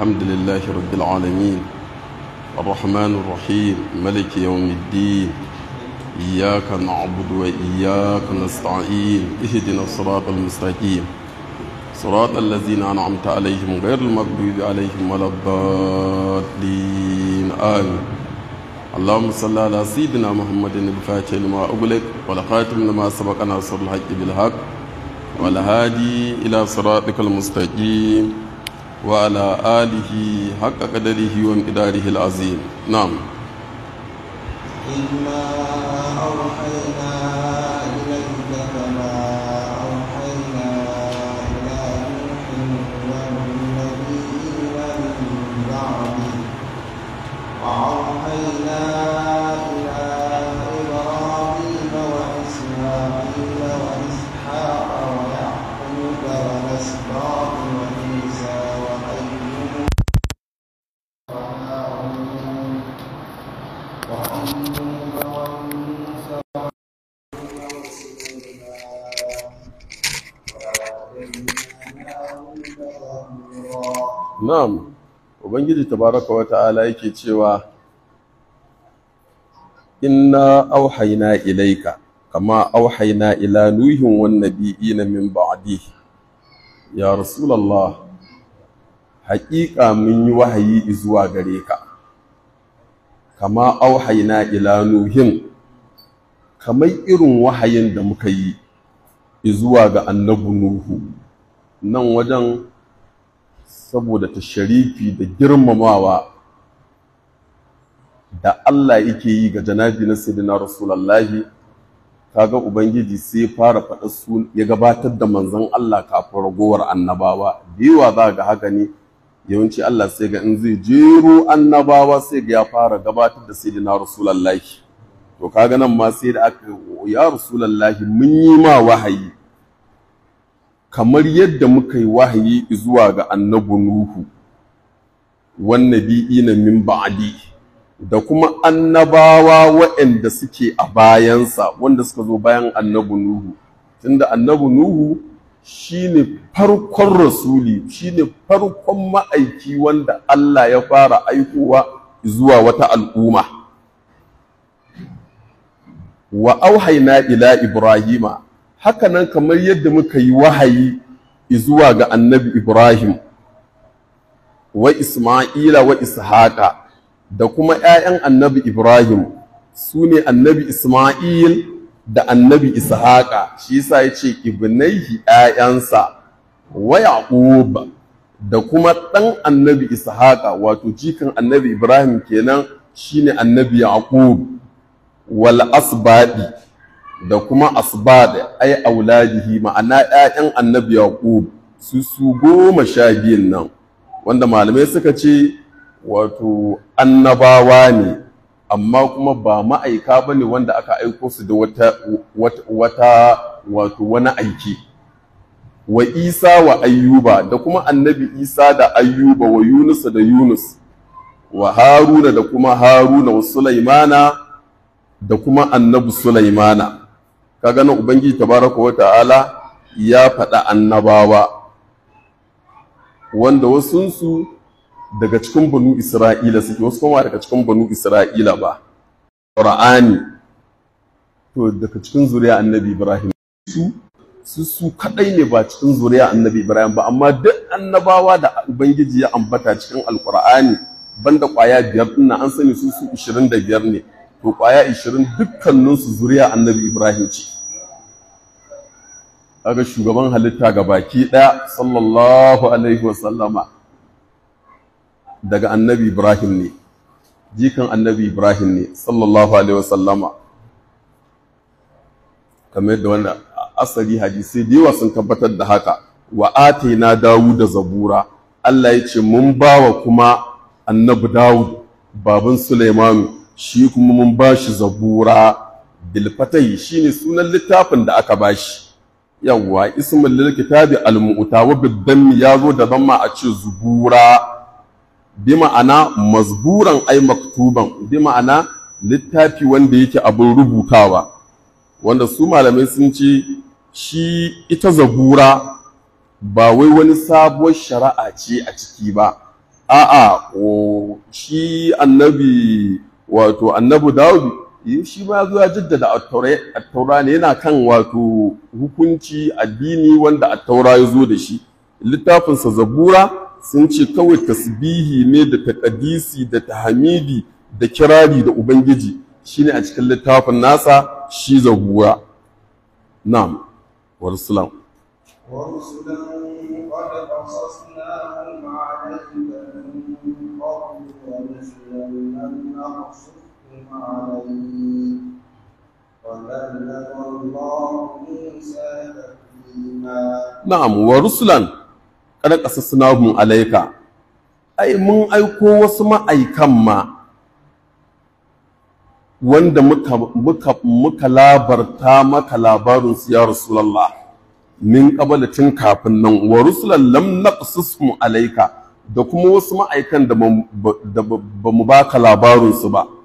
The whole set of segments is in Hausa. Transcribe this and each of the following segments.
الحمد لله رب العالمين الرحمن الرحيم ملك يوم الدين إياك نعبد وإياك نستعين اهدنا الصراط المستقيم صراط الذين أنعمت عليهم غير المغضوب عليهم ولا الضالين آمين اللهم صل على سيدنا محمد الفاتح لما أغلق والخاتم لما سبق ناصر الحق بالحق والهادي إلى صراطك المستقيم وعلى آله حق قدره ومقداره العظيم نعم إنا أوحينا إليك كما أوحينا إلى نوح والنبيين من بعده وأوحينا na'am ubangiji tabaraka wa ta'ala yake cewa inna auhaina ilaika kama auhaina ila nuhin wan nabiyina min ba'di ya rasulullah haƙiƙa mun yi wahayi zuwa gare ka kama auhaina ila nuhin kamar irin wahayin da muka yi izuwa ga annabu nuhu nan wajen saboda ta tasharifi da girmamawa da Allah yake yi ga janabi na sayyidina rasulullahi kaga ubangiji sai fara faɗa su ya gabatar da manzon Allah kafin ragowar annabawa biwa za ga haka ne yawanci Allah sai ga in zai jero annabawa sai ga ya fara gabatar da sayyidina rasulullahi to kaga nan ma sai da aka ya rasulullahi mun yi ma wahayi kamar yadda muka yi wahayi zuwa ga wannan Nuhu na min ba'adi, da kuma annabawa waɗanda suke a bayansa wanda suka zo bayan annabi Nuhu tunda annabi Nuhu ne farkon rasuli shi ne farkon ma'aiki wanda Allah ya fara aikowa zuwa wata al'umma wa auhaina ila ibrahima haka nan kamar yadda muka yi wahayi zuwa ga annabi Ibrahim wa Isma'ila wa Ishaqa da kuma ‘ya'yan annabi Ibrahim su ne annabi Isma'il da annabi Ishaqa shi yasa ya ce ibnaihi ‘ya'yansa wa Yaqub da kuma ɗan annabi Ishaqa wato jikan annabi Ibrahim kenan shine annabi Yaqub wal asbadi da kuma da ai auladihi ma'ana ƴaƴan annabi yaqub su su goma sha biyun nan wanda malamai suka ce wato annabawa ne amma kuma ba ma'aika ba ne wanda aka aiko su da wata wata wato wani aiki wa isa wa ayyuba da kuma annabi isa da ayyuba wa yunus da yunus wa haruna da kuma haruna wa sulaimana da kuma annabi sulaimana kaga gani ubangiji tabaraka wa ta'ala ya faɗa annabawa wanda wasunsu daga cikin banu isra'ila suke wasu kuma daga cikin banu isra'ila ba qur'ani to daga cikin zuriya annabi ibrahim su su su kadai ne ba cikin zuriya annabi ibrahim ba amma duk annabawa da ubangiji ya ambata cikin alqur'ani banda kwaya biyar din an sani su su 25 ne to kwaya 20 dukkaninsu zuriya annabi ibrahim ce kaga shugaban halitta ga baki ɗaya sallallahu alaihi wasallama daga annabi ibrahim ne jikan annabi ibrahim ne sallallahu alaihi wasallama kamar yadda wanda asali hadisi da yawa sun tabbatar da haka wa atina dawud da zabura Allah ya ce mun bawa kuma annabi dawud baban Suleimanu, shi kuma mun ba shi zabura bilfatai shine sunan littafin da aka bashi yawwa ismin lil al mu'ta wa ya yazo da damma a ce zubura bi ma'ana mazburan ai maktuban bi ma'ana littafi wanda yake abin rubutawa wanda su malamai sun ce shi ita zabura ba wai wani sabuwar shari'a ce a ciki ba a'a shi annabi wato annabi dawud Eh, shi ma zo ya jaddada attaura ne yana kan wato hukunci addini wanda attaura ya zo da shi littafinsa zabura sun ce kawai tasbihi ne da taƙadisi da tahamidi da kirari da ubangiji shine a cikin littafin nasa shi zabura na'am wa rusulan wa rusulan qad na'am wa الله موسى ƙasar نعم alaika, ai mun aiko wasu ma'aikan ma wanda muka, labarta maka labarinsu ya rasulallah min tun kafin nan wa rusulan lam naqsusum alaika da kuma wasu ma'aikan da ba mu baka labarinsu ba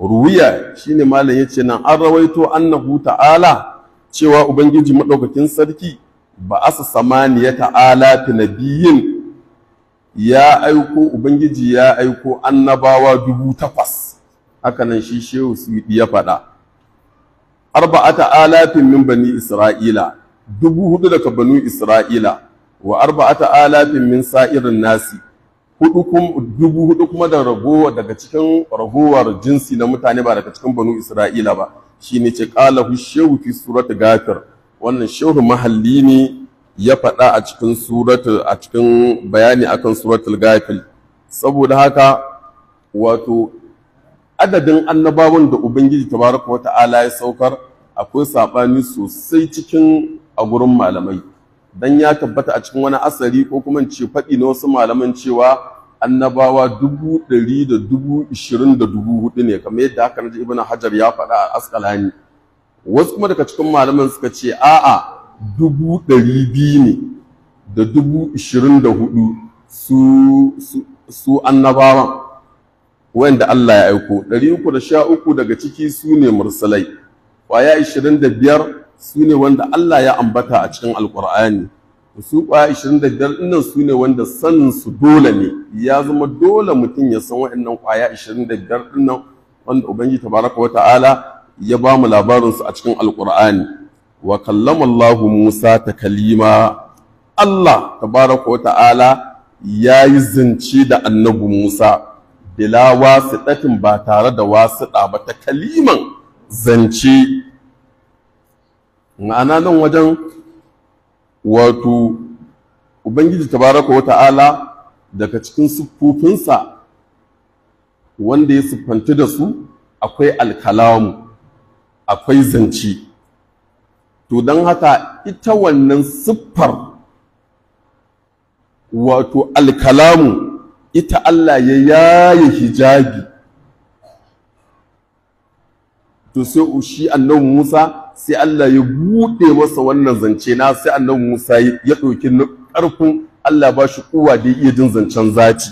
ruwiya shine malam yace nan an rawaito annahu ta'ala cewa ubangiji madaukakin sarki ba asa samaniya ta'ala na biyun. ya aiko ubangiji ya aiko annabawa dubu takwas haka nan shi shehu suwidi ya faɗa Arba'a alafin min bani isra'ila dubu hudu daga banu isra'ila wa arba'a alafin min sa'irin nasi dubu hudu kuma da ragowa daga cikin ragowar jinsi na mutane ba daga cikin banu isra'ila ba shi ne ce hu shehu fi surat gafir wannan shehu mahalli ne ya faɗa a cikin suratu a cikin bayani akan suratul gafil saboda haka wato adadin annabawan da ubangiji tabaraka wa ta'ala ya saukar akwai saɓani sosai cikin a gurin malamai dan ya tabbata a cikin wani asari ko kuma ce faɗi na wasu malaman cewa annabawa dubu ɗari da dubu ishirin da dubu hudu ne kamar yadda haka na ibn hajar ya faɗa a askalani wasu kuma daga cikin malaman suka ce a'a dubu ɗari biyu ne da dubu ishirin da hudu su su annabawan wanda Allah ya aiko ɗari uku da sha uku daga ciki su ne mursalai ƙwaya ishirin da biyar su ne wanda Allah ya ambata a cikin alkur'ani su ƙwaya 25 ɗinnan su ne wanda sanin dole ne ya zama dole mutum ya san waɗannan ƙwaya 25 ɗinnan wanda ubangiji tabaraka wa ta'ala ya ba mu labarinsu a cikin alkur'ani wa kallama allahu Musa Kalima, Allah tabaraka wa ta'ala ya yi zance da annabi Musa bila wasiɗatin ba tare da wasu wasiɗa ba kaliman zance ma'ana nan wajen wato ubangiji tabaraka wa ta'ala daga cikin siffofinsa wanda ya siffanti da su akwai alkalamu akwai zance to don haka ita wannan siffar wato alkalamu ita Allah ya yaye hijabi to sai shi annabi Musa sai Allah ya buɗe masa wannan zance na sai annabi Musa ya ɗauki ƙarfin Allah ba shi kowa da iya jin zancen zaci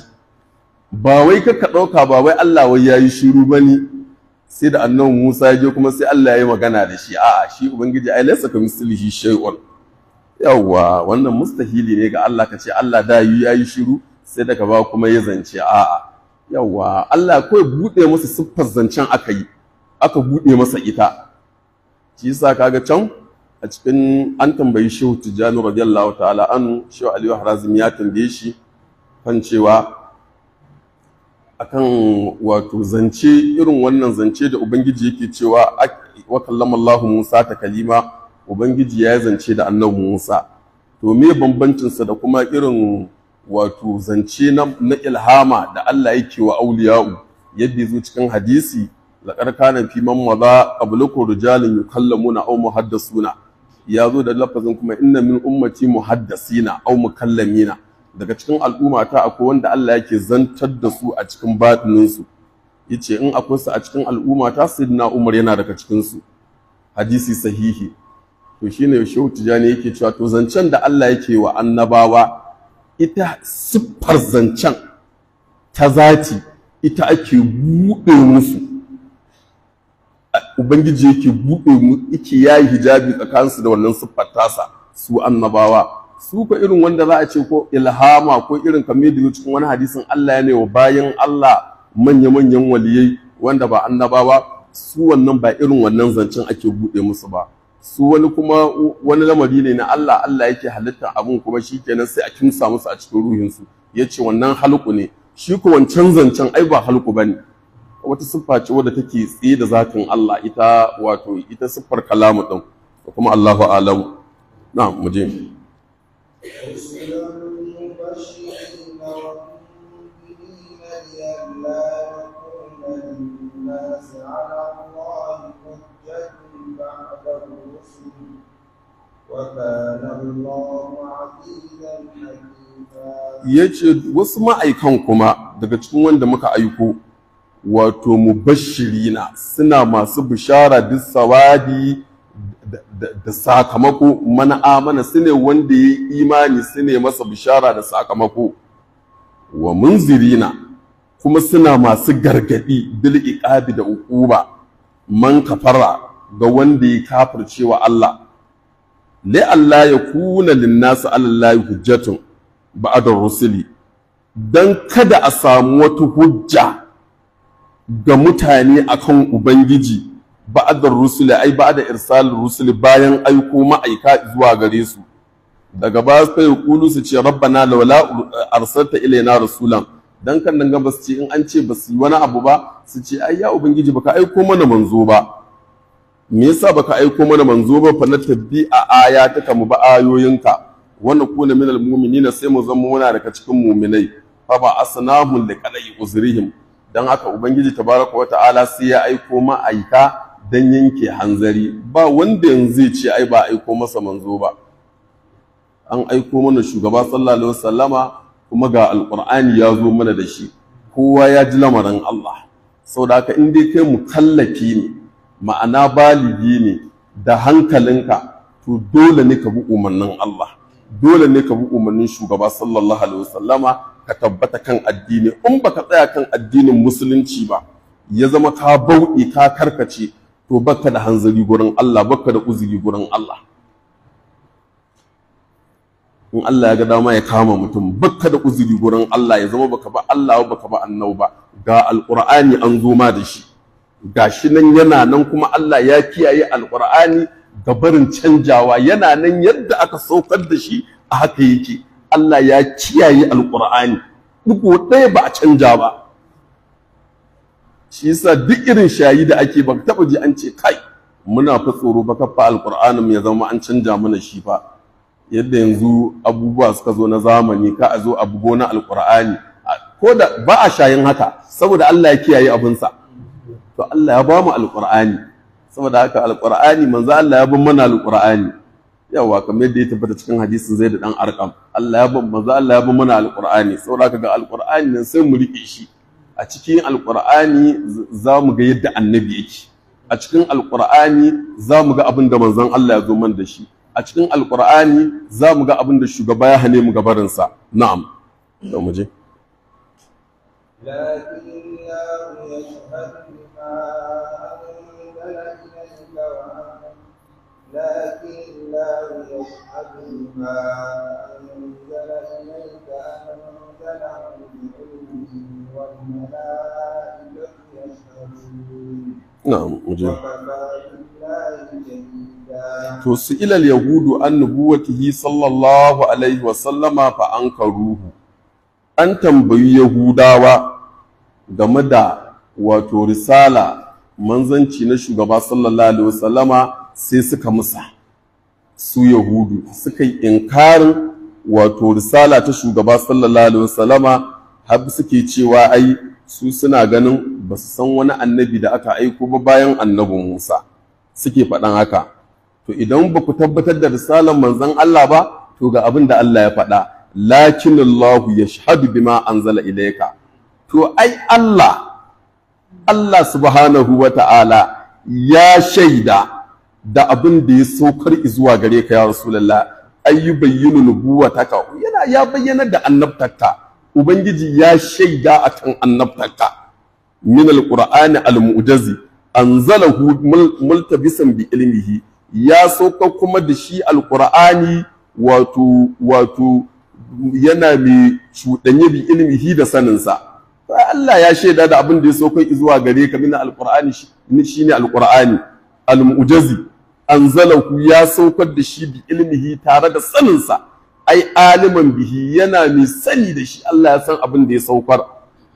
ba wai ka ɗauka ba wai Allah wai ya yi shiru ba ne sai da annabi Musa ya je kuma sai Allah ya yi magana da shi a'a shi ubangiji ai laysa ka mislihi shay'un yawwa wannan mustahili ne ga Allah ka ce Allah da yi ya yi shiru sai daga ba kuma ya zance a'a yawwa Allah kawai buɗe masa siffar zancen aka yi aka buɗe masa ita shi yasa kaga can a cikin an tambayi shehu tijjani radiyallahu ta'ala an shehu aliyu harazim ya tambaye shi kan cewa akan wato zance irin wannan zance da ubangiji yake cewa wa kallamallahu musa ta kalima ubangiji ya zance da annabi musa to me bambancinsa da kuma irin wato zance na ilhama da allah yake wa auliya'u yadda ya zo cikin hadisi laƙar kana fi man maza qablukum au mu haddasu muhaddasuna ya zo da lafazin kuma inna min ummati muhaddasina kallami na. daga cikin al'umma ta akwai wanda Allah yake zantar da su a cikin batinin su yace in akwai su a cikin al'umma ta na Umar yana daga cikin su hadisi sahihi to shine Shehu Tijani yake cewa to zancen da Allah yake wa annabawa ita siffar zancen ta zati ita ake buɗe musu ubangiji yake buɗe mu yake yayi hijabi tsakaninsu da wannan siffar su annabawa su ko irin wanda za a ce ko ilhama ko irin kamar da cikin wani hadisin Allah ya ne wa bayan Allah manya-manyan waliyai wanda ba annabawa su wannan ba irin wannan zancen ake buɗe musu ba su wani kuma wani lamari ne na Allah Allah yake halittar abun kuma shikenan sai a kimsa musu a cikin ruhinsu ya ce wannan halku ne shi ko wancan zancen ai ba halku bane wata siffa ce wadda take tsaye da zatin Allah ita wato ita siffar kalamu din kuma Allahu alam na muje Yace ya wasu ma'aikan kuma daga cikin wanda muka aiko wato mubashirina suna masu bishara duk sawadi da sakamako mana amana su ne wanda ya yi imani su ne masa bishara da sakamako wa munzirina kuma suna masu gargadi, bil iqabi da uquba man kafara ga wanda ya kafirce wa Allah Lai Allah ya kuna nasu alallahi hujjatun ba'da rusuli dan kada a samu wata hujja ga mutane akan ubangiji ba'adar rusuli ai ba da irsal rusuli bayan aiko ma'aika zuwa gare su daga ba su kai kulu su ce rabbana laula arsalta ilaina rasulan dan kan nan ba su ce in an ce ba su yi wani abu ba su ce ai ya ubangiji baka aiko mana manzo ba me yasa baka aiko mana manzo ba fa na aya ta kamu ba ayoyinka wannan kuna minal mu'minina sai mu zama muna daga cikin mu'minai fa ba asnahum liqalai uzrihim don haka ubangiji tabaraka wa ta'ala sai ya aiko ma'aika don yanke hanzari ba wanda yanzu zai ce ai ba aiko masa manzo ba an aiko mana shugaba sallallahu alaihi wasallama kuma ga alqur'ani ya zo mana da shi kowa ya ji lamarin Allah saboda haka in dai kai mukallafi ne ma'ana baligi ne da hankalinka to dole ne ka bi umarnin Allah dole ne ka bi umarnin shugaba sallallahu alaihi wasallama ka tabbata kan addini in baka tsaya kan addinin musulunci ba ya zama ka bauɗe ka karkace to baka da hanzari gurin Allah baka da uzuri gurin Allah in Allah ya ga dama ya kama mutum baka da uzuri gurin Allah ya zama baka ba Allah baka ba annau ba ga alqur'ani an zo ma da shi gashi nan yana nan kuma Allah ya kiyaye alqur'ani ga barin canjawa yana nan yadda aka saukar da shi a haka yake Allah ya kiyaye alqur'ani duko ɗaya ba a canja ba shi yasa duk irin shayi da ake ba taba ji an ce kai muna fa tsoro ba kafa mu ya zama an canja mana shi ba. yadda yanzu abubuwa suka zo na zamani ka a zo abu na Alƙur'ani? ko da ba a shayin haka saboda Allah ya kiyaye abinsa to Allah ya ba mu alqur'ani saboda haka alqur'ani manzo Allah ya bin mana Alƙur'ani? yawa kamar yadda ya tabbata cikin hadisin zai da dan arkam Allah ya ban maza Allah ya ban mana alqur'ani saboda ga nan sai mu rike shi a cikin al'ƙur'ani za mu ga yadda annabi yake a cikin al'ƙur'ani za mu ga abin da manzon Allah ya zo man da shi a cikin al'ƙur'ani za mu ga abin da shugaba ya hane mu gabarinsa. na'am da mu je لكن لا يصحب ما أنزل إليك أنزله بعلمه والملائكة يشهدون نعم مجيب to su ilal yahudu an nubuwatihi sallallahu alaihi wasallama fa an karuhu an tambayi yahudawa game da wato risala manzanci na shugaba sallallahu alaihi wasallama sai suka musa su yahudu suka yi inkarin wato risala ta shugaba sallallahu alaihi wasallama har suke cewa ai su suna ganin ba su san wani annabi da aka aiko ba bayan annabi Musa suke faɗan haka to idan ba ku tabbatar da risalar manzon Allah ba to ga abin da Allah ya faɗa lakinallahu yashhadu bima anzala ilayka to ai Allah Allah subhanahu wa ta'ala ya shaida da abin da ya saukar zuwa gare ka ya rasulullah ay yubayyinu nubuwataka yana ya bayyana da annabtarka ubangiji ya shaida akan annabtarka min alqur'ani almu'jazi anzalahu multabisan bi ilmihi ya sauka kuma da shi alqur'ani wato yana mai cuɗanye bi ilmihi da saninsa Allah ya shaida da abin da ya saukar zuwa gare ka min alqur'ani shine alqur'ani almu'jazi anzalahu ya saukar da shi bi ilmihi tare da saninsa ai aliman bihi yana mai sani da shi Allah ya san abin da ya saukar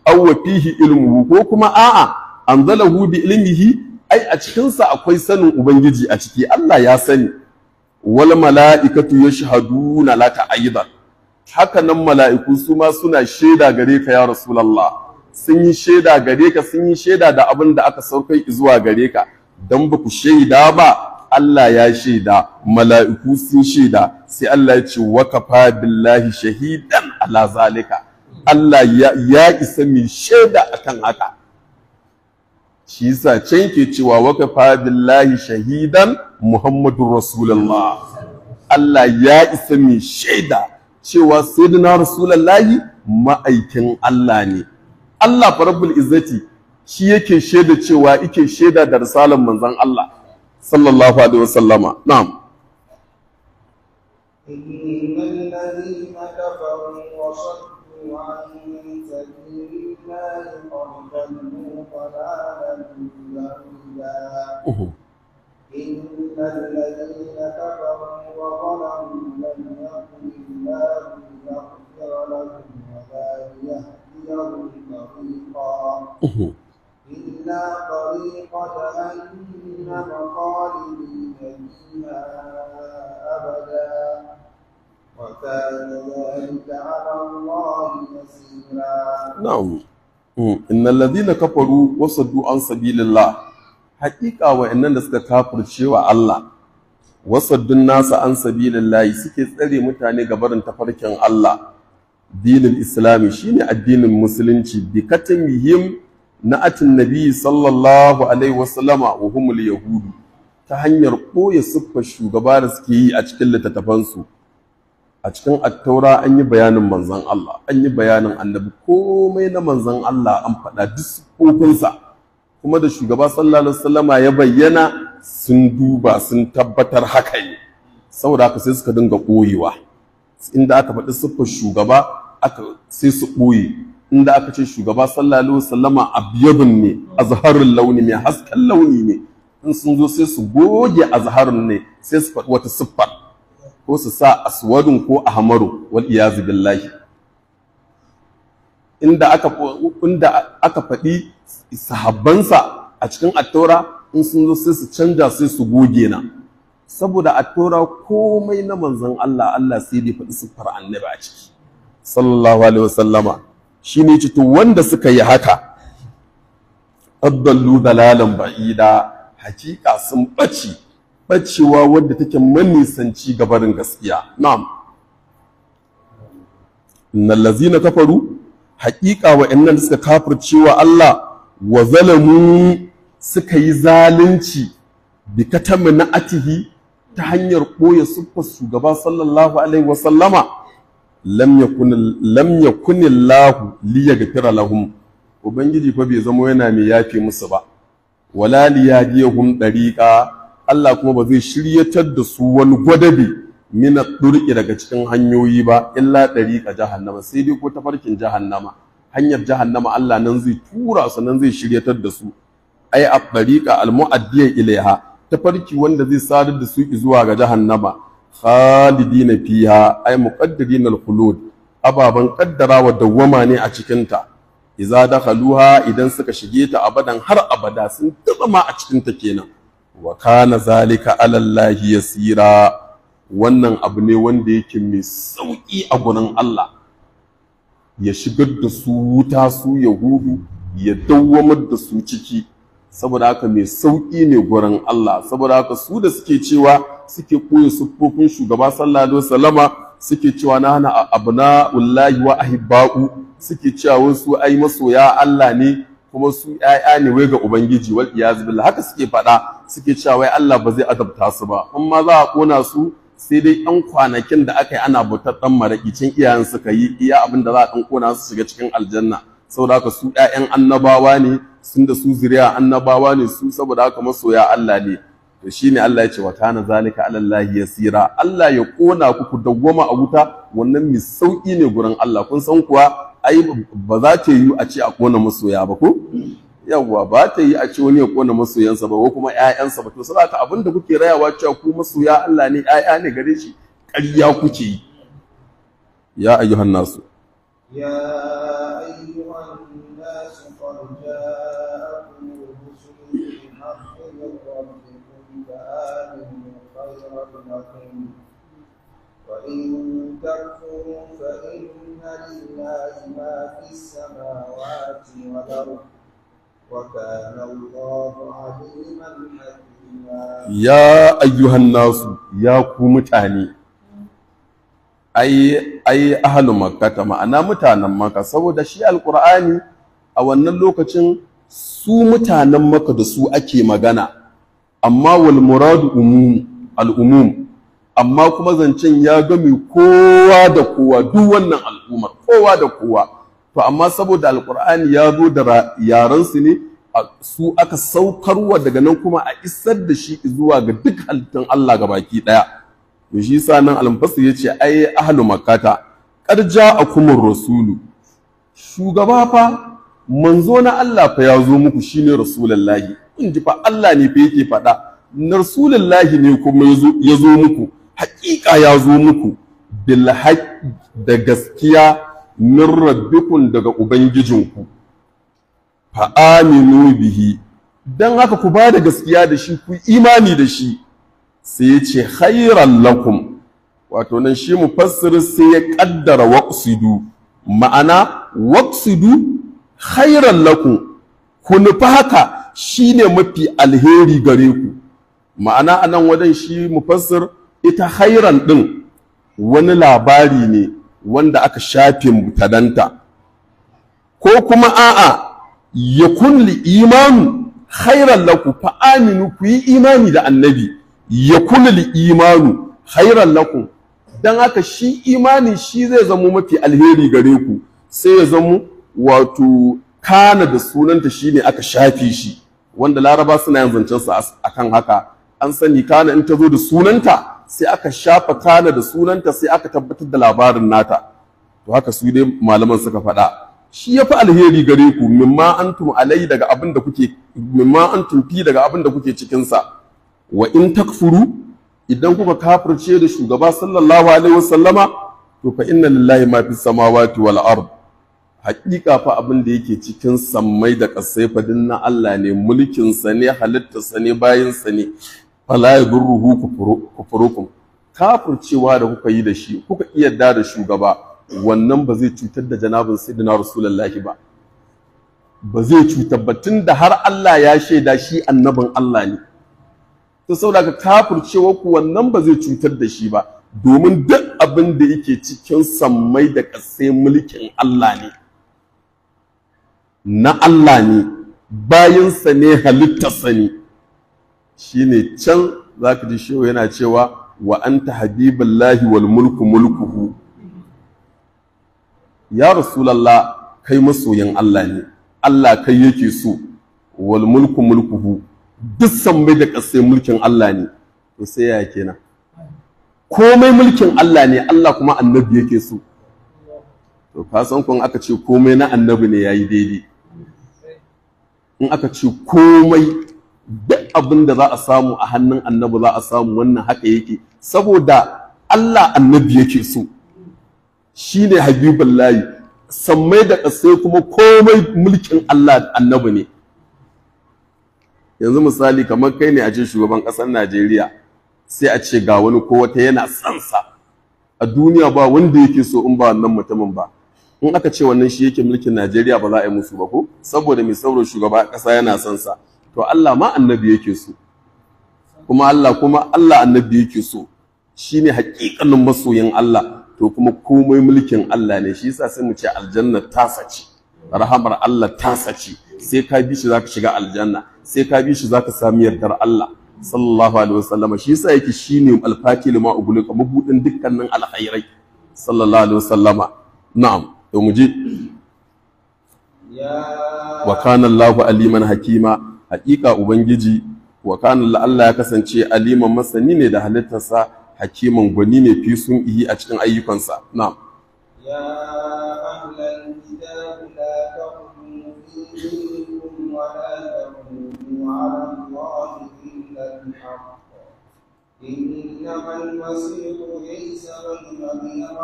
aw wa fihi ilmuhu ko kuma a'a anzalahu bi ilmihi ai a cikinsa akwai sanin ubangiji a ciki Allah ya sani wal mala'ikatu yashhaduna laka aidan haka nan mala'iku su ma suna shaida gare ka ya rasulullah sun yi shaida gare ka sun yi shaida da abin da aka saukar zuwa gare ka don ba ku shaida ba Allah ya shaida mala'iku sun shaida sai Allah ya ce wa kafa billahi shahidan ala zalika Allah ya isa mai shaida akan haka shi yasa can ke cewa wa kafa billahi shahidan Muhammadur Rasulullah Allah ya isa mai shaida cewa sayyidina Rasulullahi ma'aikin Allah ne Allah farabbul izzati shi yake shaida cewa yake shaida da risalan manzon Allah sallallahu alaihi wasallama na'am إن الذين كفروا وصدوا عن سبيل الله قد ضلوا ضلالا بعيدا إن الذين كفروا وظلموا لم na'am mm. innal ladina kafaru wasaddu an sabilillah haqiqa wa innan da suka kafirce wa Allah wasaddun nasa an sabilillah suke tsare mutane ga barin tafarkin Allah dinin islami shine addinin musulunci bi katamihim na atin nabi sallallahu alaihi wasallama wa humul yahudu ta hanyar koya siffar shugaba da suke yi a cikin littattafansu a cikin attaura an yi bayanin manzan Allah an yi bayanin annabi komai na manzan Allah an faɗa duk siffofinsa kuma da shugaba sallallahu alaihi wasallama ya bayyana sun duba sun tabbatar haka ne saboda haka sai suka dinga ɓoyewa inda aka faɗi siffar shugaba aka sai su ɓoye inda aka ce shugaba sallallahu alaihi wasallama abyabun ne azharul launi mai hasken launi ne in sun zo sai su goge azharun ne sai su faɗi wata siffar ko su sa aswadun ko ahmaru wal iyazu billahi inda aka inda aka faɗi sahabbansa a cikin attaura in sun zo sai su canja sai su goge na saboda attaura komai na manzon Allah Allah sai dai faɗi siffar annabi a ciki sallallahu alaihi wasallama shine ci to wanda suka yi haka addallu dalalan ba'ida hakika sun ɓaci bacewa wadda take manisanci gabarin gaskiya na'am innal ladzina kafaru haqiqa wa innal suka cewa Allah wa zalamu suka yi zalunci bi katamna atihi ta hanyar ɓoye su shugaba sallallahu alaihi wa sallama lam yakun lam yakun Allah li yaghfira lahum ubangiji fa bai zama yana mai yafe musu ba wala li yadiyahum dariqa Allah kuma ba zai shiryatar da su wani gwadabi mina durki daga cikin hanyoyi ba illa dariqa jahannama sai dai ko tafarkin jahannama hanyar jahannama Allah nan zai tura su nan zai shiryatar da su ai a almu'addiya ilaiha tafarki wanda zai sadar da su zuwa ga jahannama khalidina fiha ai muqaddirin alkhulud ababan kaddara wa dawwama ne a cikin ta idza dakhaluha idan suka shige ta abadan har abada sun ta ma a cikin ta kenan wa kana zalika ala Allah yasira wannan abu ne wanda yake mai sauki a gurin Allah ya shigar da su wuta su yahudu ya dawwamar da su ciki saboda haka mai sauki ne gurin Allah saboda haka su da suke cewa suke koyi siffofin shugaba sallallahu alaihi wasallama suke cewa na hana abna wallahi wa ahibba'u suke cewa wasu ai masoya Allah ne kuma su ƴaƴa ne wai ga ubangiji wal iyaz billah haka suke faɗa suke cewa wai Allah ba zai azabta su ba in ma za a kona su sai dai yan kwanakin da aka yi ana bautar ɗan maraƙi, can iyayen suka yi iya abin da za a ɗan kona su shiga cikin aljanna saboda haka su ƴaƴan annabawa ne sun da su zuriya annabawa ne su saboda haka masoya Allah ne to shine Allah ya ce wa kana zalika alallahi ya yasira Allah ya kona ku ku dawwama a wuta wannan mai sauki ne gurin Allah kun san kuwa ai ba za ta yiwu a ce a kona masoya ba ko yawwa ba ta yi a ce wani ya kona masoyansa ba ko kuma ƴaƴansa ba to saboda abin da kuke rayawa cewa ku masoya Allah ne ƴaƴa ne gare shi ƙarya kuke yi ya ayyuhan nasu ya ayyuhan nasu فإن لله ما في السماوات والأرض Ya ayyuhan nasu ya ku mutane, الناس يا ai ai ma'ana mutanen maka saboda shi alkur'ani a wannan lokacin su mutanen maka da su ake magana amma wal muradu umum al amma kuma zancen ya gami kowa da kowa duk wannan al'ummar kowa da kowa to amma saboda alkur'ani ya zo da yaran su ne su aka saukarwa daga nan kuma a isar da shi zuwa ga duk halittun Allah ga baki daya to shi yasa nan al ya ce ai ahlu makkata qad akumur rasulu shugaba fa manzo na Allah fa ya zo muku shine rasulullahi in ji fa Allah ne fa yake faɗa na rasulullahi ne kuma ya zo muku haƙiƙa ya zo muku bil da gaskiya min rabbikun daga ubangijinku fa aminu bihi dan haka ku ba da gaskiya da shi ku imani da shi sai ya ce khairan lakum wato nan shi mufassir sai ya kaddara waqsidu ma'ana waqsidu khairan lakum ku nufi haka shine mafi alheri gare ku ma'ana anan wajen shi mufassir ita khairan din wani labari ne wanda aka shafe mutadanta ko kuma a'a ya kulli imanu khairan laku fa aminu ku yi imani da annabi ya kulli imanu khairan laku dan haka shi imani shi zai zama mafi alheri gare ku sai ya zamo wato kana da sunanta shine aka shafe shi wanda laraba suna yin zancensa akan haka an sani kana in ta zo da sunanta sai aka shafa kana da sunanta sai aka tabbatar da labarin nata to haka su dai malaman suka faɗa shi yafi alheri gare ku mimma antum alai daga abin da kuke mimma antum fi daga abin da kuke cikin sa wa in takfuru idan kuka kafirce da shugaba sallallahu alaihi wasallama to fa inna lillahi ma fi samawati wal ard haƙiƙa fa abin da yake cikin sammai da ƙasai fa na Allah ne mulkin sa ne halittarsa ne bayin ne fala yadurruhu Kafin kafircewa da kuka yi da shi kuka iyadda da shugaba wannan ba zai cutar da janabin sayyidina rasulullahi ba ba zai cutar ba tunda har Allah ya shaida shi annabin Allah ne to saboda ka kafircewa ku wannan ba zai cutar da shi ba domin duk abin da yake cikin sammai da ƙasa mulkin Allah ne na Allah ne bayansa ne halittarsa ne shine can za ka ji shewa yana cewa wa anta habibullahi wal mulku mulkuhu ya rasulallah kai masoyin Allah ne Allah kai yake so wal mulku mulkuhu duk bai da kasai mulkin Allah ne to sai ya kenan komai mulkin Allah ne Allah kuma annabi yake so to fasan kun aka ce komai na annabi ne yayi daidai in aka ce komai da abin da za a samu a hannun annabi za a samu wannan haka yake saboda Allah annabi yake so shi ne habibullahi sammai da ƙasai kuma komai mulkin Allah annabi ne yanzu misali kamar kai ne a ce shugaban ƙasar Najeriya sai a ce ga wani ko wata yana son a duniya ba wanda yake so in ba wannan mutumin ba in aka ce wannan shi yake mulkin Najeriya ba za a yi musu ba ko saboda mai sauran shugaba ƙasa yana son to Allah ma annabi yake so kuma Allah kuma Allah annabi yake so shine hakikanin masoyin Allah to kuma komai mulkin Allah ne shi yasa sai mu ce aljanna tasa ce rahamar Allah tasa ce sai ka bi shi zaka shiga aljanna sai ka bi shi zaka sami yardar Allah sallallahu alaihi wasallam shi yasa yake shine alfaki lima ubuluka mabudin dukkanin alkhairai sallallahu alaihi wasallama na'am to mu ya wa kana Allahu aliman hakima haƙiƙa ubangiji wa kana Allah ya kasance aliman masani ne da halittarsa hakiman gwani ne fi sun ihi a cikin ayyukansa na'am ya ahlal kitab wa إنما المسيح الله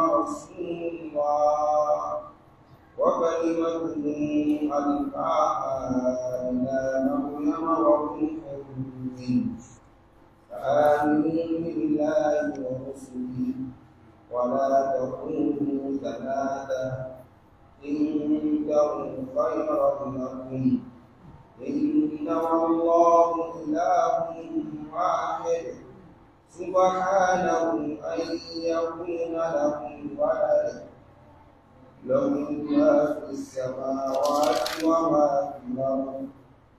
وكلمته ألقاها إلى مريم وروح منه فآمنوا بالله ورسله ولا تكونوا ثلاثة إنكم خيرا لكم إن الله إله واحد سبحانه أن يكون له ولد له ما في السماوات وما في الأرض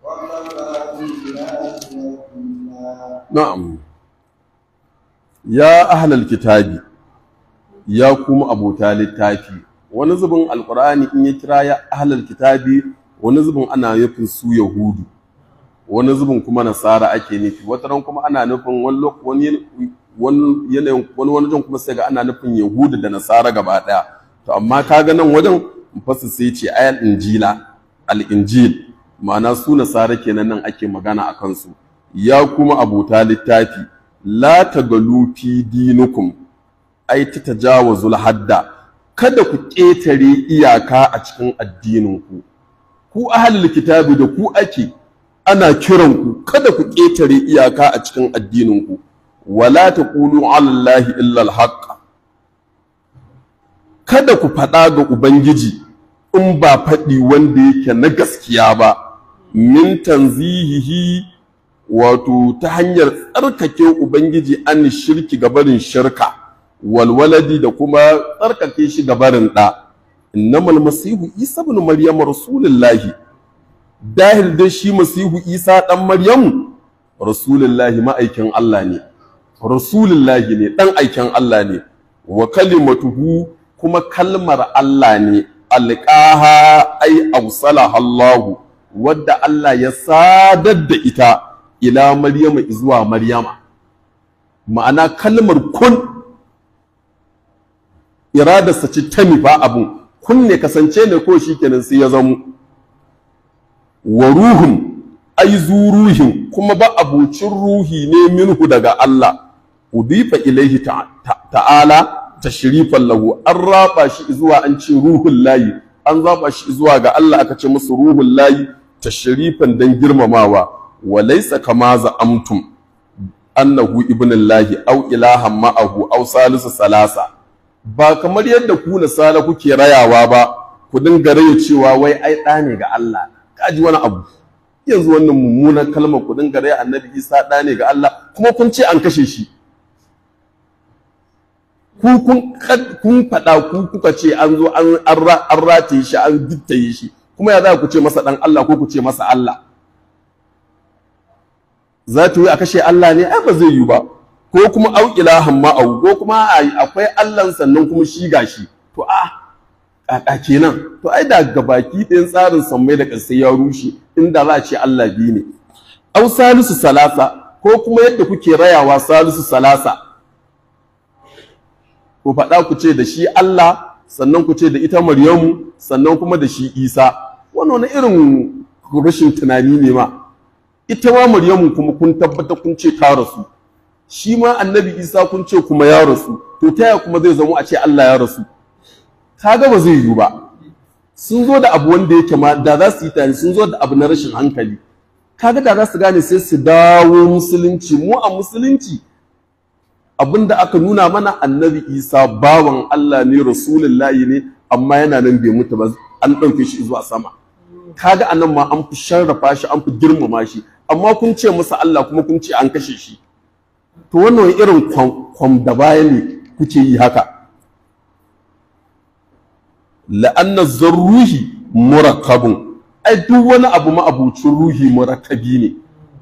وكفى بالله وكيلا نعم ya ahlal kitabi ya kuma abota littafi wani zubin Alƙur'ani in ya kira ya ahlal kitabi wani zubin ana nufin su yahudu wani zubin kuma nasara ake nufi wata ran kuma ana nufin wani yanayin wani wani jin kuma sai ga ana nufin yahudu da nasara gaba ɗaya. to amma kaga nan wajen mufassir sai ce ayal injila al injil ma'ana su nasara kenan nan ake magana a kansu ya kuma abuta littafi la tagalu fi dinukum ai ta tajawazul hadda kada ku ƙetare iyaka a cikin addininku ku ahlul kitabi da ku ake ana kiranku kada ku ƙetare iyaka a cikin addininku wala taqulu ala allahi illa alhaq kada ku faɗa ga ubangiji in ba faɗi wanda yake na gaskiya ba min tanzihihi wato ta hanyar tsarkake ubangiji an shirki barin shirka walwaladi da kuma tsarkake shi gabarin ɗa innamal masihu isa ibn maryam rasulullahi dahil da shi masihu isa dan maryam rasulullahi ma'aikin Allah ne rasulullahi ne dan aikin Allah ne wa kalimatuhu kuma kalmar Allah ne alƙaha ai ausala Allahu wadda Allah ya sadar da ita ila Maryama zuwa Maryama ma'ana kalmar kun iradarsa ci ta ba abu kun ne kasance ne ko shikenan sai ya zamo wa ruhun ai zu ruhin kuma ba abucin ruhi ne minhu daga Allah udifa ilaihi ta'ala tashrifan lahu an raba shi zuwa an ce ruhul layi an zaba shi zuwa ga Allah aka ce musu ruhul layi tashrifan dan girmamawa wa laysa kama amtum annahu ibnullahi aw ilahan ma'ahu aw salisu salasa ba kamar yadda ku na sala kuke rayawa ba ku dinga raya cewa wai ai ɗa ne ga Allah kaji wani abu yanzu wannan mummunan kalmar ku dinga raya annabi Isa ɗa ne ga Allah kuma kun ce an kashe shi ku kun faɗa ku kuka ce an zo an rataye shi an gittaye shi kuma ya za ku ce masa ɗan Allah ko ku ce masa Allah za ta yi a kashe Allah ne ai ba zai yi ba ko kuma au ilahan ma'au ko kuma akwai Allah sannan kuma shi gashi to a kaka kenan to ai da gabaki ɗayan tsarin sammai da ƙasai ya rushe inda za a ce Allah biyu ne au salisu salasa ko kuma yadda kuke rayawa salisu salasa ku faɗa ku ce da shi Allah sannan ku ce da ita Maryamu sannan kuma da shi Isa wannan wani irin rashin tunani ne ma ita ma Maryamu kuma kun tabbata kun ce ta rasu shi ma Annabi Isa kun ce kuma ya rasu to ta ya kuma zai zama a ce Allah ya rasu kaga ba zai yiwu ba sun zo da abu wanda yake ma da za su yi tani sun zo da abu na rashin hankali kaga da za su gane sai su dawo musulunci mu a musulunci abinda aka nuna mana annabi isa bawan Allah ne rasulullahi ne amma yana nan bai mutu ba an ɗauke shi zuwa sama kaga anan ma an fi sharrafa shi an fi girmama shi amma kun ce masa Allah kuma kun ce an kashe shi to wannan irin kwam da baya ne kuke yi haka la'anna zarruhi murakabin. ai duk wani abu ma abucin ruhi murakabi ne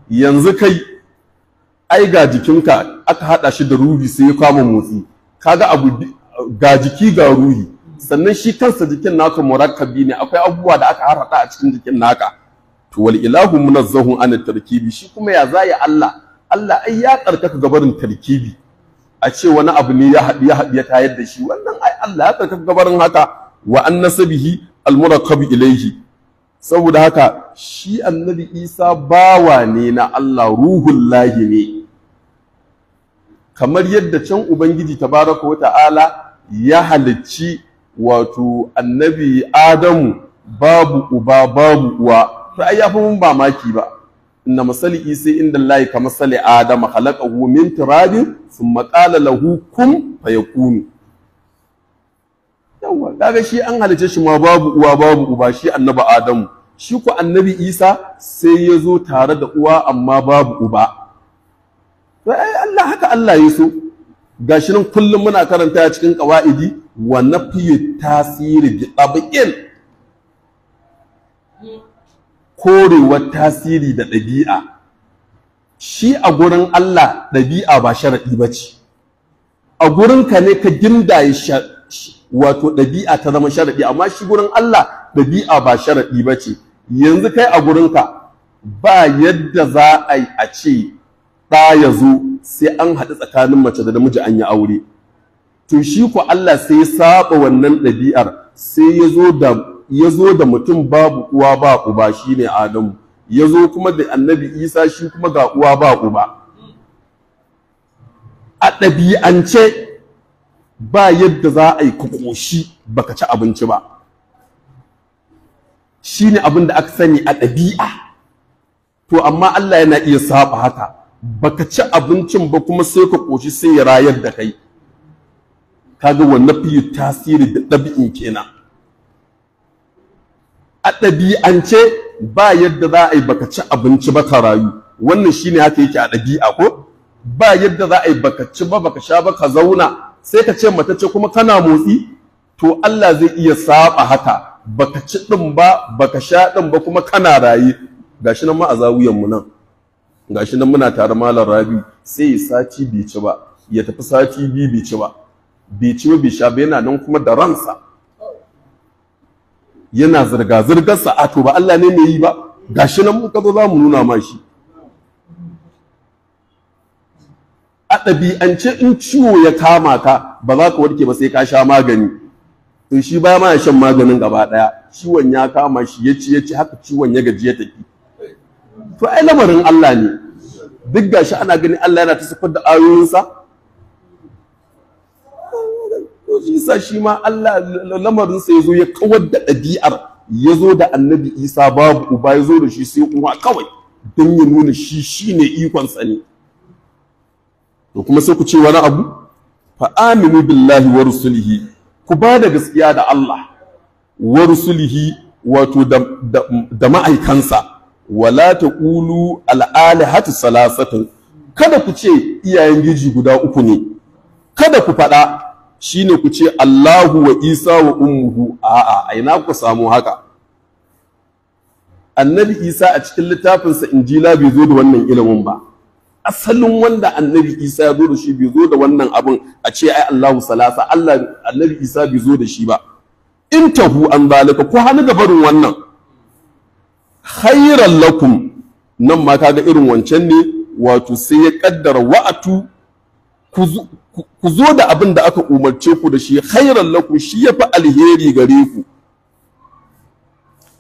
yanzu kai ai ga jikinka aka haɗa shi da ruhi sai ya kama motsi kaga abu ga jiki ga ruhi sannan shi kansa jikin naka murakkabi ne akwai abubuwa da aka harhaɗa a cikin jikin naka to wal ilahu munazzahu an tarkibi shi kuma ya zaya Allah Allah ai ya karkaka gabarin tarkibi a ce wani abu ne ya haɗi ya haɗi ya tayar da shi wannan ai Allah ya karkaka gabarin haka wa an al murakkabi ilaihi saboda haka shi annabi Isa bawa ne na Allah ruhul lahi ne kamar yadda can ubangiji tabaraka wa ta'ala ya halicci wato annabi adamu babu uba babu uwa to ai yafi mun ba maki ba inna masali isa inda lahi ka masali adama khalaqahu min turabin thumma qala lahu kun fayakunu yawa kaga shi an halice shi ma babu uwa babu uba shi annabi adamu shi ku annabi isa sai ya zo tare da uwa amma babu uba to ai Allah haka Allah ya so gashi nan kullum muna karanta a cikin qawaidi wa nafiyu tasiri bi tabi'in korewar tasiri da ɗabi'a shi a gurin Allah ɗabi'a ba sharaɗi ba ce gurin ka ne ka gindaye wato ɗabi'a ta zama sharaɗi amma shi gurin Allah ɗabi'a ba sharaɗi bace yanzu kai a gurinka ba yadda za a yi a ce da ya zo sai an haɗu tsakanin mace da namiji an yi aure to shi ko Allah sai ya saba wannan ɗabi'ar sai ya zo da mutum babu uwa ba uba ne Adamu ya zo kuma da annabi Isa shi kuma ga uwa ba uba a ɗabi'ance ba yadda za a yi kukoshi ba baka ci abinci ba Shi ne abin da aka sani a ɗabi'a to amma Allah yana iya saba haka baka ci abincin ba kuma sai ka koshi sai ya rayar da kai kaga wannan fiye tasiri da ɗabi'in kenan a ɗabi'ance ba yadda za a yi baka ci abinci ba ka rayu wannan shine haka yake a ɗabi'a ko ba yadda za a yi baka ci ba baka sha ba ka zauna sai ka ce mata ce kuma kana motsi to Allah zai iya saba haka baka ci din ba baka sha din ba kuma kana raye gashi nan ma a mu nan gashi nan muna tare malam rabi sai ya sati bai ci ba ya tafi sati biyu bai ci ba bai ci ba bai sha ba yana nan kuma da ransa yana zirga zirgar sa to ba Allah ne mai yi ba gashi nan muka zo za mu nuna ma shi a ɗabi'ance in ciwo ya kama ka ba za ka warke ba sai ka sha magani to shi ba ma ya shan maganin gaba ɗaya ciwon ya kama shi ya ci ya ci haka ciwon ya gaji ya tafi to ai lamarin Allah ne duk gashi ana gani Allah yana ta sifar da ayoyinsa to shi sa shi ma Allah lamarin sa yazo ya kawar da ɗabi'ar yazo da Annabi Isa babu uba yazo da shi sai uwa kawai don ya nuna shi shine ikon sa ne to kuma sai ku ce wani abu fa aminu billahi wa rusulihi ku ba da gaskiya da Allah wa rusulihi wato da ma'aikansa wala taqulu al'alihatu salasatu kada ku ce iyayen giji guda uku ne kada ku faɗa shine ku ce Allahu wa Isa wa ummuhu a'a aina ku samu haka annabi Isa a cikin littafinsa injila bai zo da wannan ilimin ba asalin wanda annabi Isa ya zo da shi bai zo da wannan abun a ce ai Allahu salasa Allah annabi Isa bai zo da shi ba in tahu an zalika ko hannu ga barin wannan khairan lakum nan ma kaga irin wancan ne wato sai ya kaddara wa'atu ku zo da abin da aka umarce ku da shi khairan lakum shi ya fi alheri gare ku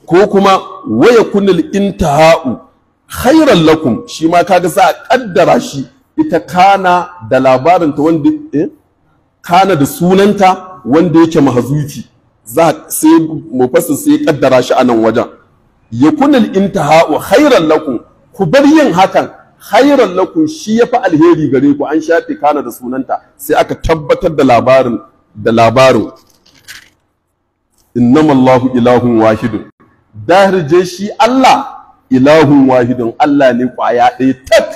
ko kuma waya kunil intaha'u. khairan lakum shi ma kaga za a kaddara shi ita kana da labarin ta, wanda eh, kana da sunanta wanda yake mahazuki za sai mufassir sai kaddara shi a nan wajen yakunul intaha wa khairan lakum ku bar yin hakan khairan lakum shi fi alheri gare ku an shafe kana da sunanta sai aka tabbatar da labarin da labarin innamallahu ilahun wahidun je shi Allah ilahun wahidun Allah ne kwaya ɗaya tak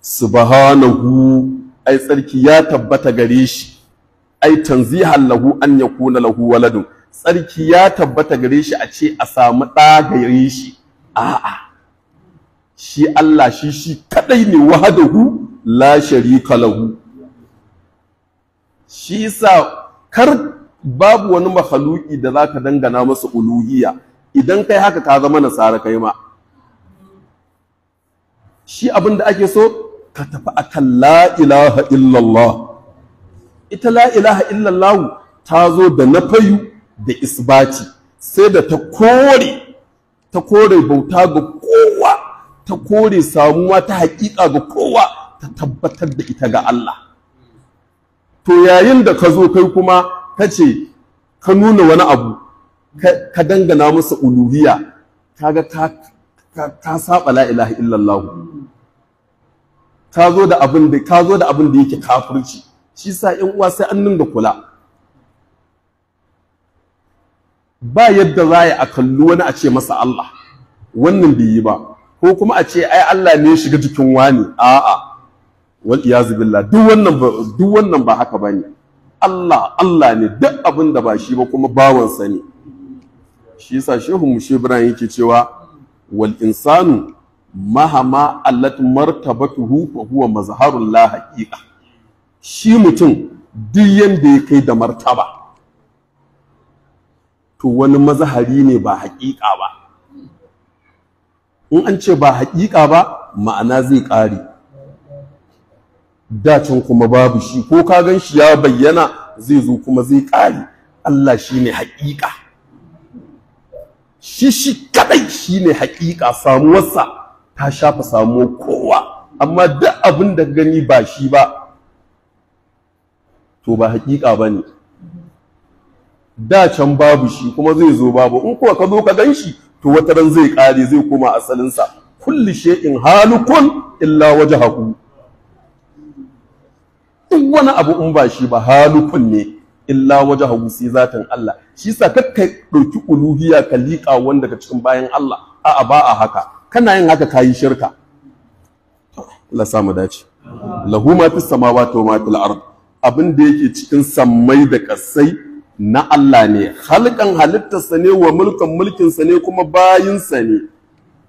subhanahu ai tsarki ya tabbata gare shi ai tanzihan lahu an yakuna lahu waladun tsarki ya tabbata gare shi a ce a samu ɗa gare shi a'a shi Allah shi shi kadai ne wahadahu la sharika lahu shi sa kar babu wani makhluki da zaka dangana masa uluhiyya idan kai haka ka zama nasara kai ma shi abin da ake so ka tafi akan la ilaha illallah ita la ilaha illallah ta zo da na nafayu da isbati sai da ta kore ta kore bauta ga kowa ta kore samuwa ta haƙiƙa ga kowa ta tabbatar da ita ga Allah to yayin da ka zo kai kuma ka ce ka nuna wani abu ka dangana masa uluhiya kaga ga ta saba la ilaha illallah ka zo da abin da ka zo da abin yake kafirci shi sa ƴan uwa sai an nuna kula ba yadda za a kalli wani a ce masa Allah wannan bai yi ba ko kuma a ce ai Allah ne ya shiga jikin wani a'a wal iyazu billah duk wannan ba duk wannan ba haka bane Allah Allah ne duk abin da ba shi ba kuma bawansa ne shi yasa shehu mushe Ibrahim yake cewa wal insanu mahama martaba, martabatuhu fa huwa mazharul la haqiqa shi mutum duk yanda ya kai da martaba to wani mazahari ne ba haƙiƙa ba in an ce ba haƙiƙa ba ma'ana zai ƙare dacin kuma babu shi ko ka gan shi ya bayyana zai zo kuma zai ƙare Allah shi ne haƙiƙa shi shi kaɗai shi ne haƙiƙa samuwarsa ta shafa samuwar kowa amma duk abin da gani ba shi ba to ba haƙiƙa ba ne da can babu shi kuma zai zo babu in kuwa ka zo ka gan shi to wata ran zai kare zai koma asalinsa kulli shay'in halikun illa wajhahu duk wani abu in ba shi ba halukun ne illa wajhahu sai zatan Allah shi yasa kakkai dauki uluhiyya ka liƙa wanda ka cikin bayan Allah a'a ba a haka kana yin haka kayi shirka Allah samu dace lahu ma fis samawati wa ma fil ard abin da yake cikin sammai da kasai na Allah ne halkan halittarsa ne wa mulkan mulkinsa ne kuma bayinsa ne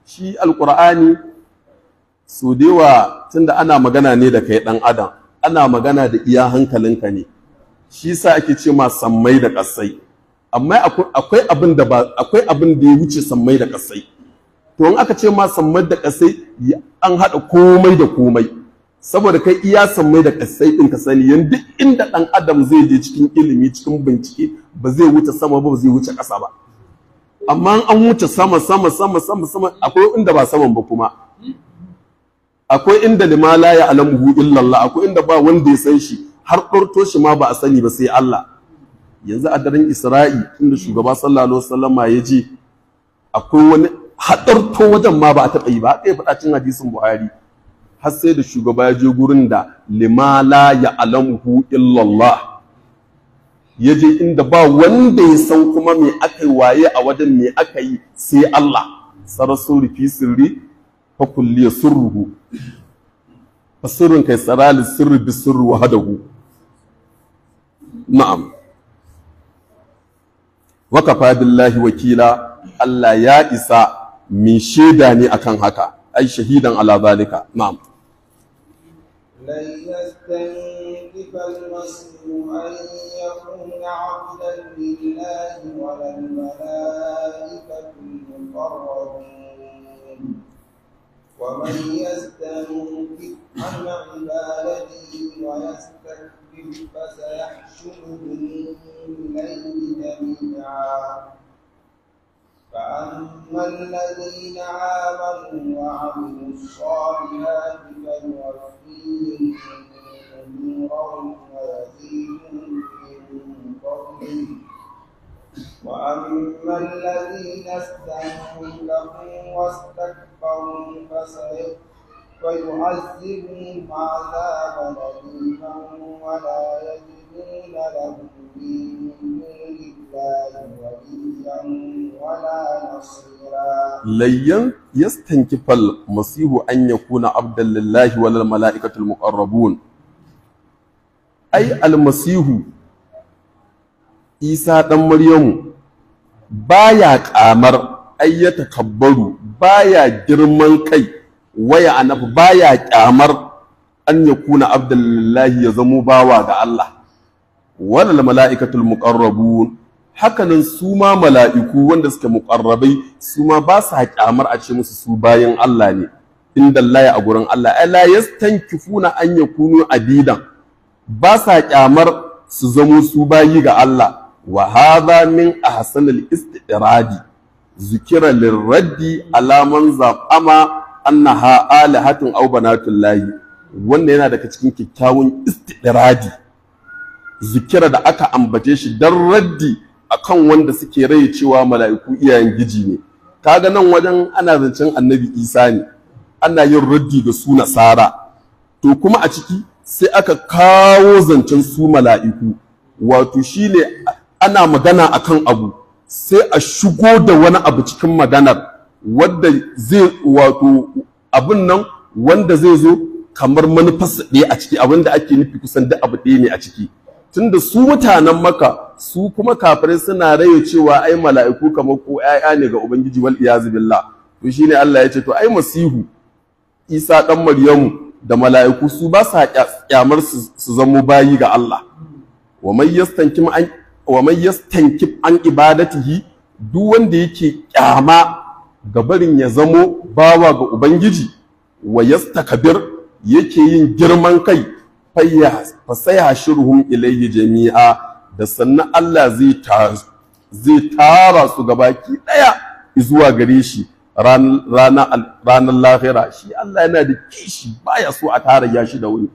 shi alkur'ani su dewa tunda ana magana ne da kai ɗan adam ana magana da iya hankalinka ne shi sa ake ce ma sammai da ƙasai amma akwai abin da ya wuce sammai da ƙasai to in aka ce ma sammai da ƙasai an haɗa komai da komai saboda kai iya mai da kasai din ka sani yan duk inda dan adam zai je cikin ilimi cikin bincike ba zai wuce sama ba ba zai wuce ƙasa ba amma an wuce sama sama sama sama sama akwai inda ba saman ba kuma akwai inda lima la ya alamuhu illallah akwai inda ba wanda ya san shi har ɗorto shi ma ba a sani ba sai Allah yanzu a daren Isra'i inda shugaba sallallahu alaihi wasallama ya je akwai wani haɗarto wajen ma ba a taɓa yi ba kai ya faɗa cin hadisin Buhari har sai da shugaba ya je gurin da limala ya alamuhu illallah ya je inda ba wanda ya san kuma me aka yi waye a wajen mai aka yi sai Allah sarasuri fi sirri fa kulliya sirruhu fa sirrin kai sarali sirri bi sirri wahadahu na'am wa kafa billahi wakila Allah ya isa mai shaida ne akan haka ai shahidan ala zalika na'am لن يستنكف المسيح أن يكون عبدا لله ولا الملائكة المقربون ومن يستنكف عن عبادته ويستكبر فسيحشرهم إليه جميعا فأما الذين آمنوا وعملوا الصالحات فيوفى واستكبروا فيعذبهم عذابا أليما ولا يجدون لهم من دون الله وليا ولا نصيرا لن يستنكف المسيح أن يكون عبدا لله ولا الملائكة المقربون أي المسيح إيسا دم مريم بايا كامر ayyata kabbaru baya girman kai waya anaf baya kyamar an ya kuna abdullahi ya zamo bawa ga Allah walal mala'ikatul muqarrabun hakanan su ma mala'iku wanda suke muqarrabai su ma ba sa kyamar a ce musu su bayan Allah ne inda Allah a gurin Allah ala yastankifuna an yakunu abidan ba sa kyamar su zamo su bayi ga Allah wa hadha min ahsanil istidradi zikira lirraddi alaman zaqama annaha alihatun aw banatul lahi wannan yana daga cikin kyakkyawan istidradi zikira da aka ambace shi dan raddi akan wanda suke rai cewa mala'iku iyayen giji ne kaga nan wajen ana zancen annabi isa ne ana yin raddi ga su nasara to kuma a ciki sai aka kawo zancen su mala'iku wato shine ana magana akan abu sai a shigo da wani abu cikin maganar wadda zai wato abin nan wanda zai zo kamar manufarsa ɗaya a ciki abin ake nufi kusan duk abu ɗaya ne a ciki tunda su mutanen maka su kuma kafirai suna raye cewa ai mala'iku kamar ko 'ya'ya ne ga ubangiji wal iyazu billah to shine Allah ya ce to ai masihu Isa ɗan Maryamu da mala'iku su ba sa kyamar su zamo bayi ga Allah wa may yastankim an wa man yastankib an ibadatihi duk wanda yake kyama ga barin ya zamo bawa ga ubangiji wa yastakbir yake yin girman kai fa sayashiruhum ilayhi jami'a da sannan Allah zai tara zai tara su gabaki daya zuwa gare shi ranar lahira shi Allah yana da kishi baya so a tara ya shi da wani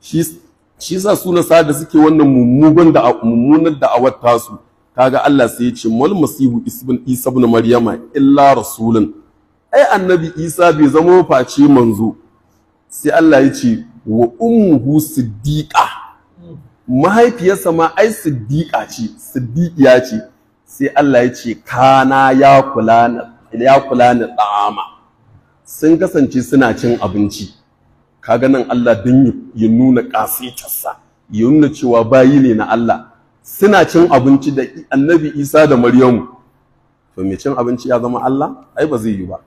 shi shi yasa su na da suke wannan mummugan da da da'awar tasu kaga Allah sai ya ce mal masihu isa ibn maryama illa rasulun ai annabi isa bai zama face manzo sai Allah ya ce wa ummuhu siddiqa mahaifiyarsa ma ai siddiqa ce siddiqiya ce sai Allah ya ce kana ya kula na ya kula na tsama sun kasance suna cin abinci kaga nan Allah din ya nuna kasitarsa ya nuna cewa bayi ne na Allah suna cin abinci da annabi Isa da Maryamu to me cin abinci ya zama Allah ai ba zai yi ba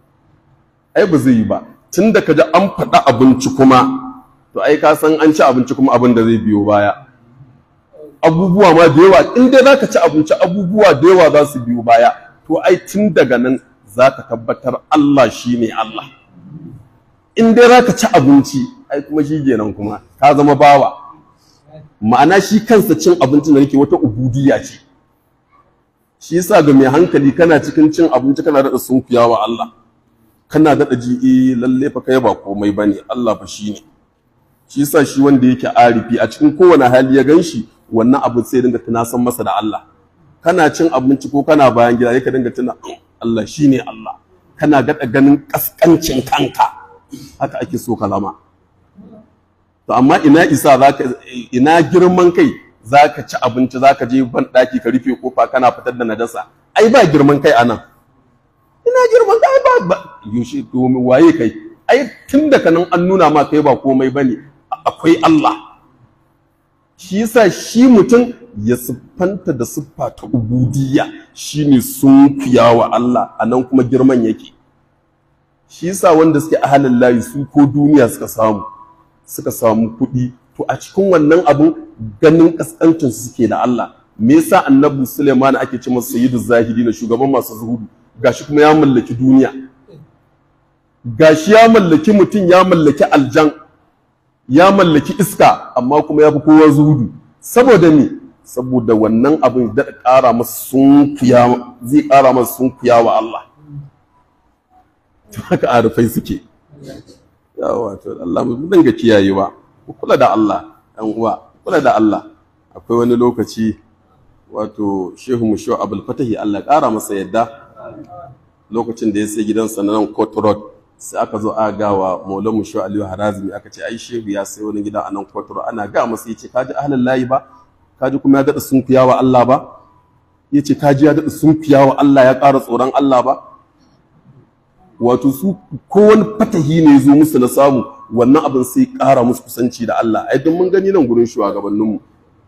ai ba zai yi ba tunda kaji an faɗa abinci kuma to ai ka san an ci abinci kuma abin da zai biyo baya abubuwa ma da yawa in dai zaka ci abinci abubuwa da yawa za su biyo baya to ai tun daga nan za ka tabbatar Allah shine Allah in dai za ka ci abinci ai kuma shi kenan kuma ka zama bawa ma'ana shi kansa cin abinci da nake wata ubudiya ce shi yasa ga mai hankali kana cikin cin abinci kana daɗa sunkuyawa wa Allah kana daɗa ji eh lalle fa kai ba komai bane Allah fa shi shi yasa shi wanda yake arifi a cikin kowane hali ya ganshi wannan abu sai dinga san masa da Allah kana cin abinci ko kana bayan gida yake dinga tuna eh, Allah shine Allah kana daɗa ganin kaskancin kanka haka ake so ka zama to amma ina isa za ka ina girman kai za ka ci abinci Za ka je ban ɗaki ka rufe kofa kana fitar da najasa ai ba girman kai anan ina girman kai ba ba. Yaushe domin waye kai ai tun daga nan an nuna ma kai ba komai ba ne. akwai Allah shi yasa shi mutum ya siffanta da siffa ta ubudiyya shine fiya wa Allah anan kuma girman yake shi yasa wanda suke a halin layi su ko duniya suka samu suka samu kuɗi to a cikin wannan abu ganin kaskancin su suke da Allah me yasa annabi sulaiman ake ce masa sayyidu zahidi na shugaban masu zuhudu gashi kuma ya mallaki duniya gashi ya mallaki mutum ya mallaki aljan ya mallaki iska amma kuma ya fi kowa zuhudu saboda me saboda wannan abin da ƙara masa sunkuya zai ƙara masa sunkuya wa Allah haka arufai suke yawa to Allah mu dinga kiyayewa ku kula da Allah ɗan uwa kula da Allah akwai wani lokaci wato Shehu Musho Abdul Fatahi Allah ƙara masa yadda lokacin da ya sai gidansa na nan Court Road sai aka zo a wa Mola Musho Aliyu Harazmi aka ce ai Shehu ya sai wani gida a nan Court Road ana ga masa yace kaji ahlan layi ba kaji kuma ya dada wa Allah ba yace kaji ya dada sunkuyawa Allah ya ƙara tsoron Allah ba wato su wani fatahi ne zo musu na samu wannan abin sai ƙara musu kusanci da Allah ai mun gani nan gurin shugabanninmu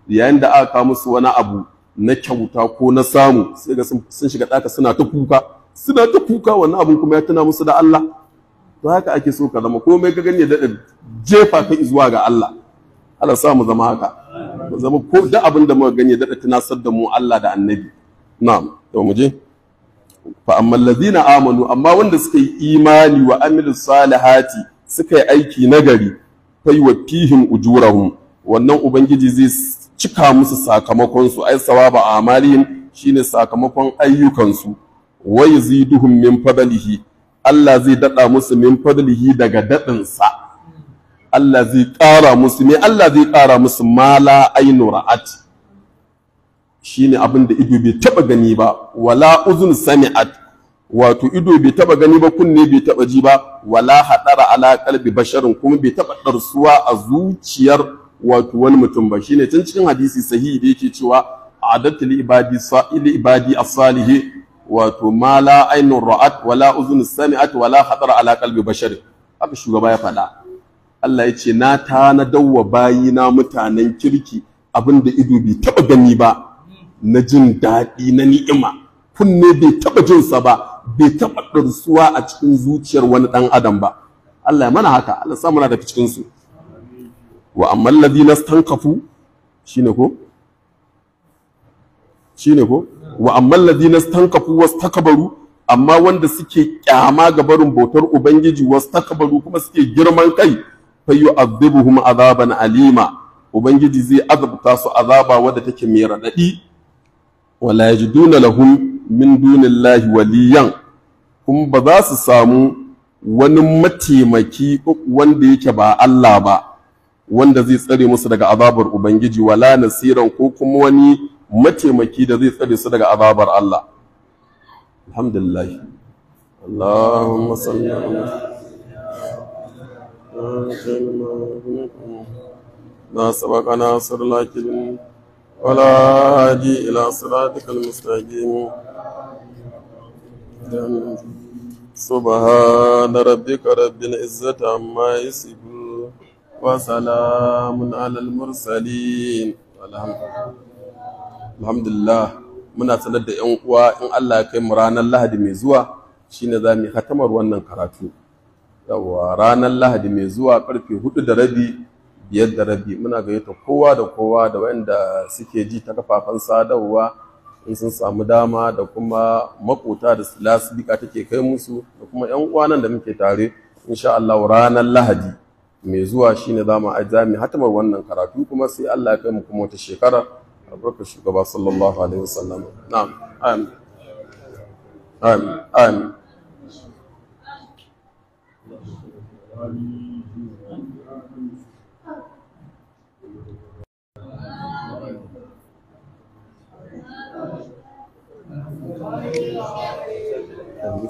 yayin da aka musu wani abu na kyauta ko na samu sai ga sun shiga ɗaka suna ta kuka suna ta kuka wannan abin kuma ya tuna musu da Allah to haka ake so ka zama komai ka gani da jefa ka zuwa ga Allah Allah sa mu zama haka zama ko da abin da muka gani da tunasar da mu Allah da Annabi na'am to mu je fa amma allazina amanu amma wanda suka yi imani wa amilu salihati suka yi aiki nagari fai wa fihim ujurahum wannan ubangiji zai cika musu sakamakonsu. su ai sawaba shi shine sakamakon ayyukansu wa duhun min fadlihi Allah zai dada musu min fadlihi daga dadin Allah zai ƙara musu me Allah zai ƙara musu mala shine abin da ido bai taba gani ba wala uzun sami'at wato ido bai taba gani ba kunne bai taba ji ba wala hadara ala qalbi basharin kuma bai taba ɗarsuwa a zuciyar wato wani mutum ba shine can cikin hadisi sahihi da yake cewa adatul ibadi sa'ili ibadi as-salih wato ma la ainun ra'at wala uzun sami'at wala hadara ala qalbi basharin haka shugaba ya faɗa Allah ya ce na dawwa bayina mutanen kirki abin da ido bai taba gani ba na jin daɗi na ni'ima kunne bai taɓa jinsa ba bai taɓa ɗarsuwa a cikin zuciyar wani ɗan adam ba Allah ya mana haka Allah samu na daga cikin su wa amma alladhina stankafu shine ko shine ko wa amma alladhina stankafu takabaru, amma wanda suke kyama ga barin bautar ubangiji takabaru kuma suke girman kai fayu'adhibuhum azaban alima ubangiji zai azabta su azaba wadda take mai radadi wala yajiduna lahum min dunillahi waliyan kuma ba za su samu wani mataimaki wanda yake ba Allah ba wanda zai tsare musu daga azabar ubangiji wala nasiran ko kuma wani mataimaki da zai tsare su daga azabar Allah alhamdulillah ولا هادي إلى صراطك المستقيم سبحان ربك رب العزة عما يصفون وسلام على المرسلين الحمد لله muna sanar da yan uwa in Allah ya kai mu ranar Lahadi mai zuwa shine za mu hatamar wannan karatu yawa ranar Lahadi mai zuwa karfe hudu da rabi biyar da rabi muna gayyata kowa da kowa da wanda suke ji ta kafafen sadarwa in sun samu dama da kuma makota da lasbika take kai musu da kuma yan uwanan da muke tare insha Allah ranar Lahadi mai zuwa shine za mu ajami hatimar wannan karatu kuma sai Allah ya kai mu kuma wata shekara albarka shugaba sallallahu alaihi wasallam na'am amin amin amin 嗯。